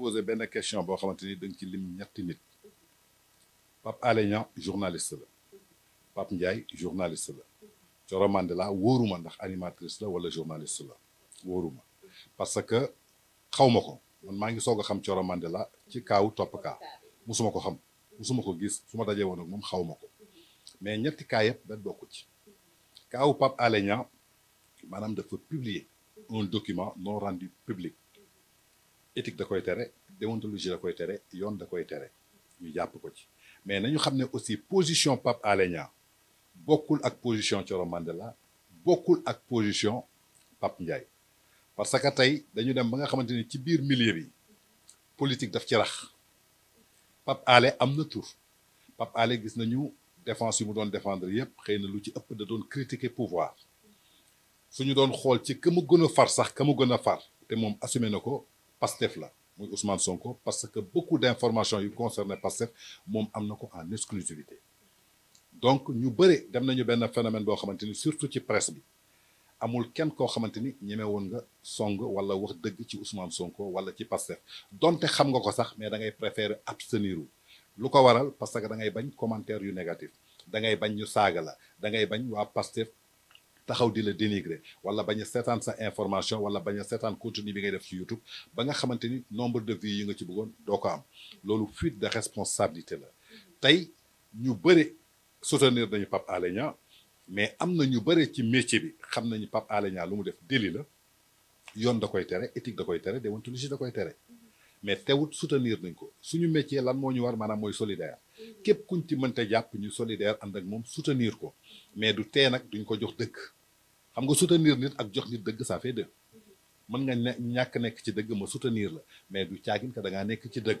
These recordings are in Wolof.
posé benn question boo xamante ni da nga ci lim ñetti nit Pape Alé Niang journaliste la Pape Ndiaye journaliste la Coro Mandela wóoruma ndax animatrice la wala journaliste la wóoruma parce que xawma ko man maa ngi soog a xam Coro Mandela ci kaawu topp kaa musuma ko xam musuma ko gis su ma dajee woon ak moom xawma mais ñetti kaa yëpp ben bokku ci kaawu Pape Alé Niang maanaam dafa publier un document non rendu public éthique da koy tere déontologie da koy tere yoon da koy tere ñu jàpp ko ci mais nañu xam ne aussi position Pape Alé Niang bokkul ak position Thioro Mandela bokkul ak position Pape Ndiaye parce que tey dañu dem ba nga xamante ni ci biir milieu bi politique daf ci rax Pape Alé am na tur Pape Alé gis nañu défense yu mu doon défendre yépp xëy na lu ci ëpp da doon critiquer pouvoir suñu doon xool ci ka mu gën a far sax ka mu gën a far te moom assumé na ko Pastef là, muy Ousmane Sonko parce que beaucoup d'informations yu concerné Pastef moom am na ko en exclusivité donc ñu bëri dem nañu benn phénomène boo xamante ni surtout ci presse bi amul kenn koo xamante ni ñeme woon nga song wala wax dëgg ci Ousmane Sonko wala ci Pastef donte xam nga ko sax mais da ngay préférer abstenir lu ko waral parce que da ngay bañ commentaire yu négatif da ngay bañ ñu saaga la da ngay bañ waa Pastef taxaw di la dénigrer wala baña sétane sa information wala baña sétane seetaan contenu bi ngay def ci YouTube ba nga xamanteni nombre de vues yi nga ci bëggoon doo ko am lolu fuite de responsabilité la tay ñu bëri soutenir nañu pap Alé mais amna ñu bëri ci métier bi xam nañu pap Alé lu mu def déli la yoon da koy téré éthique da koy tere déontologie da koy téré mais téwut soutenir nañ ko suñu métier lan moo ñu war maanaam mooy solidaire képp kuñ ci mënte jàpp ñu solidaire ànd ak moom soutenir ko mais du tee nag duñ ko jox dëkk xam nga soutenir nit ak jox nit dëgg ça fait mën nga ne ñàkk nekk ci dëgg ma soutenir la mais du caagin que da nekk ci dëgg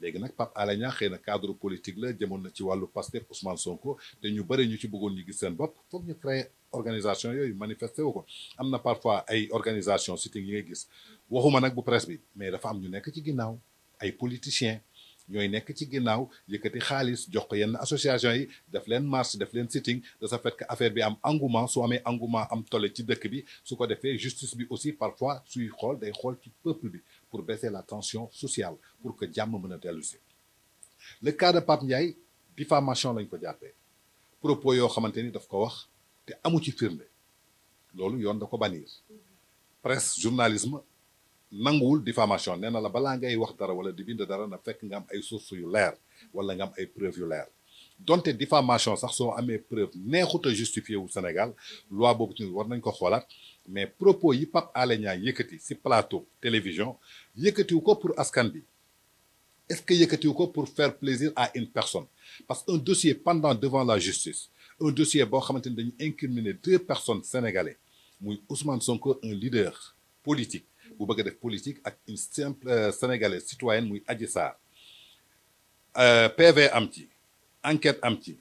léegi nag Pape Alé Niang xëy na cadre politique la jëmoon na ci wàllu Pastef Ousmane Sonko te ñu bëri ñu ci bëggoon ñu gis seen bopp foog ñu créer organisation yooyu manifesté wu ko am na parfois ay organisation sitting yi ngay gis waxuma nag bu presse bi mais dafa am ñu nekk ci ginnaaw ay politiciens. ñooy nekk ci ginnaaw jox ko yenn association yi marche de fait que affaire bi am engouement engouement am tole ci bi justice aussi parfois suy day peuple pour baisser la tension sociale pour que jàmm le cas de Pape Ndiaye diffamation propos yoo xamante daf ko wax amu ci presse journalisme nanguwul diffamation nee la balaa ngay wax dara wala di bind dara na fekk nga am ay source yu leer wala nga am ay preuve yu leer donte diffamation sax soo amee preuve neexut a justifié wu Sénégal loi boobu ci war nañ ko xoolaat mais propos yi pap Alé Niang yëkkati si plateau télévision yëkkatiwu ko pour askan bi est-ce que yëkkatiwu ko pour faire plaisir à une personne parce qu'un un dossier pendant devant la justice un dossier boo xamante ni dañu incriminer deux personnes sénégalais muy Ousmane Sonko un leader politique bu bëgg def politique ak une simple euh, sénégalaise citoyenne muy Adji Sarr euh, PV am ci enquête am ci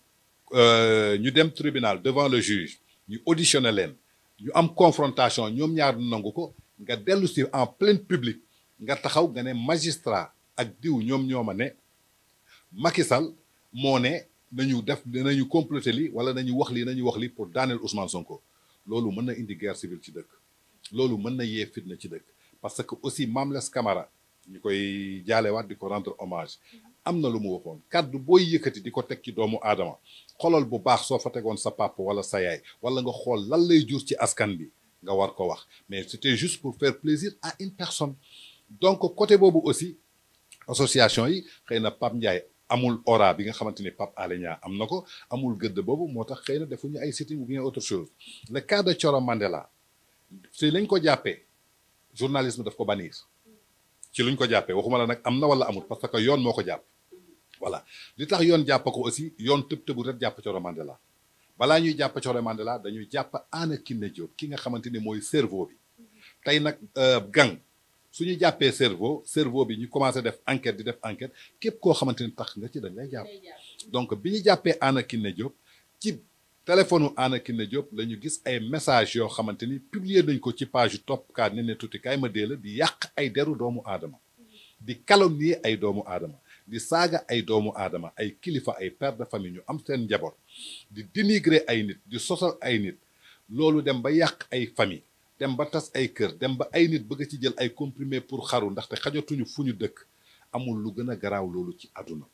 euh, ñu dem tribunal devant le juge ñu auditionné leen ñu am confrontation ñoom ñaar nangu ko nga dellu si en plein public nga taxaw nga ne magistrat ak diw ñoom ñoo ma ne Macky Sall moo ne nañu def nañu comploter li wala nañu wax li nañu wax li pour Daniel Ousmane Sonko loolu mën na indi guerre civile ci dëkk loolu mën na yee fitna ci dëkk parce que aussi Mame Less Camara ñu koy jaalewaat wat diko rendre hommage amna na lu mu waxoon kàddu booy yëkkati di ko ci doomu adama xolal bu baax so fa tégon sa papa wala sa yaay wala nga xol lan lay jur ci askan bi nga war ko wax mais c'était juste pour faire plaisir à une personne donc côté bobu aussi association yi xeyna pap Pape amul aura bi nga xamante pap Pape amnako amul gëdd bobu motax tax xëy na defuñu ay sitting ou bien autre chose le cas de Thioro Mandela si lañ ko jappé journalisme daf ko bannir ci luñ ko jàppee waxuma la nag am na wala amul parce que yoon moo ko jàpp voilà li tax yoon jàpp ko aussi yoon tëb tëbu rek jàpp Thioro Mandela balaa ñuy jàpp Thioro Mandela dañuy jàpp anakin Kiné Diop ki nga xamante ni mooy servo bi tey nag euh, gang su ñu jàppee cerveau servo bi ñu commencé def enquête di def enquête képp koo xamante ni tax nga ci dañ lay jàpp donc bi ñu jàppee Anna Kiné Diop ci téléphone Anna Kiné Diop la ñu gis ay message yoo xamante ni publier nañ ko ci page topp kaat ne ne tuuti kaay ma dee la di yàq ay deru doomu aadama di calomnier ay doomu aadama di saaga ay doomu aadama ay kilifa ay père de famille ñu am seen njaboot di dénigrer ay nit di sosal ay nit loolu dem ba yàq ay famille dem ba tas ay kër dem ba ay nit bëgg ci jël ay comprimé pour xaru ndaxte xajatuñu fu ñu dëkk amul lu gën a garaaw loolu ci àdduna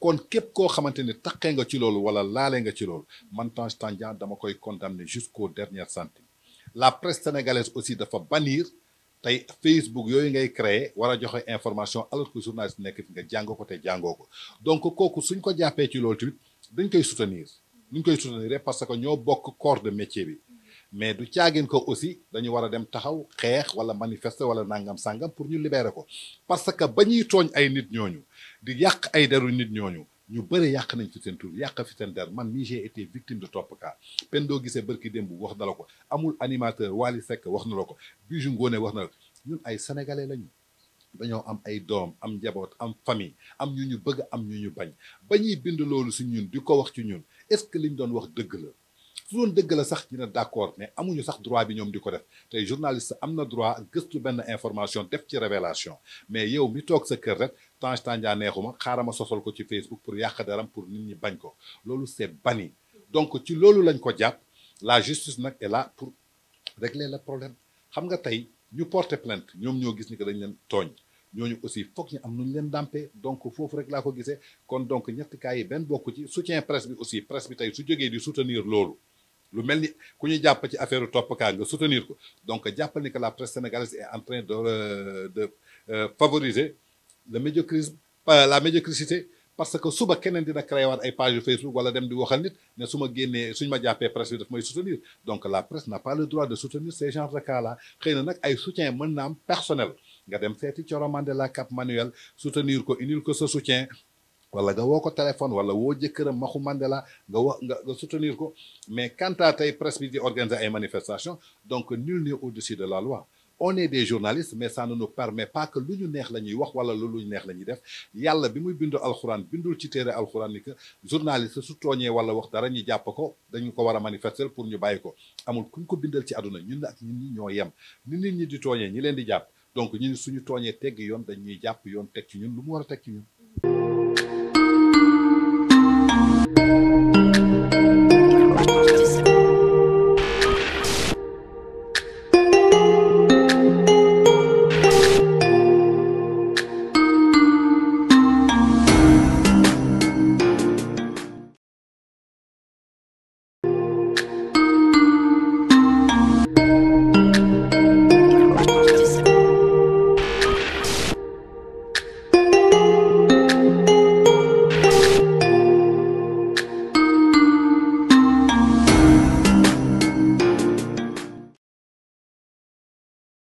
kon képp koo xamante ne taqee nga ci loolu wala laalee nga ci loolu man Tange Tandian dama koy condamner jusqu'au dernier centime la presse sénégalaise aussi dafa bannir tey Facebook yooyu ngay créer war a joxe information alors que journaliste nekk fi nga jàngoo ko te jàngoo ko donc kooku suñ ko jàppee ci loolu tamit dañ koy soutenir luñ koy soutenir parce que ñoo bokk corps de métier bi mais du caagin ko aussi dañu war a dem taxaw xeex wala manifester wala nangam sangam pour ñu libérer ko parce que ba ñuy tooñ ay nit ñooñu di yàq ay deru nit ñooñu ñu bëri yàq nañ fi seen tur yàq fi seen der man mii j'ai été victime topp Top Cas doo gisee bërki démb wax na la ko amul animateur Wally Seck wax na la ko bii Bijou Ngoné wax na la ñun ay sénégalais lañu dañoo am ay doom am njaboot am famille am ñu ñu bëgg am ñu ñu bañ ba ñuy bind loolu si ñun di ko wax ci ñun est-ce que liñ doon wax dëgg la. su deug la sax dina d'accord mais amuñu sax droit bi ñom diko def tay journaliste amna droit gëstu ben information def ci révélation mais yow mi tok sa kër rek Tange Tandian neexuma xaaral ma sosal ko ci Facebook pour yak daram pour nit ñi bañ ko lolu c'est banni donc ci lolu lañ ko japp la justice nak est là pour régler le problème xam nga tay ñu porter plainte ñom ñoo gis ni que dañ leen togn ñooñu aussi foog ñu am nuñ leen dampé donc foofu rek laa ko gisee kon donc ñetti cas yi benn bokk ci soutien presse bi aussi presse bi tey su jógee di soutenir loolu le melni soutenir donc que la presse sénégalaise est en train de euh, de euh, favoriser euh, la médiocrité parce que si vous avez créé page Facebook wala dem di de nit ne su ma presse soutenir donc la presse n'a pas le droit de soutenir ces genres de cas là Il y ay soutien personnel nga Cap Manuel soutenir ko soutien wala nga woo ko téléphone wala woo jëkkëram maxu Mandela nga wax nga soutenir ko mais quant à tey presse bi di organiser ay manifestation donc nul n'est au-dessus de la loi on est des journalistes mais ça ne nous permet pas que lu ñu neex la ñuy wax wala lu ñu neex la ñuy def yàlla bi muy bindu alxuraan bindul ci téere alxuraan ni que journaliste su tooñee wala wax dara ñu jàpp ko dañu ko war a manifester pour ñu bàyyi ko amul kuñ ko bindal ci aduna ñun ak ñun ñi ñoo yem ni nit ñi di tooñee ñi leen di jàpp donc ñun suñu tooñee tegg yoon dañuy jàpp yoon teg ci ñun lu mu war a teg ci ñun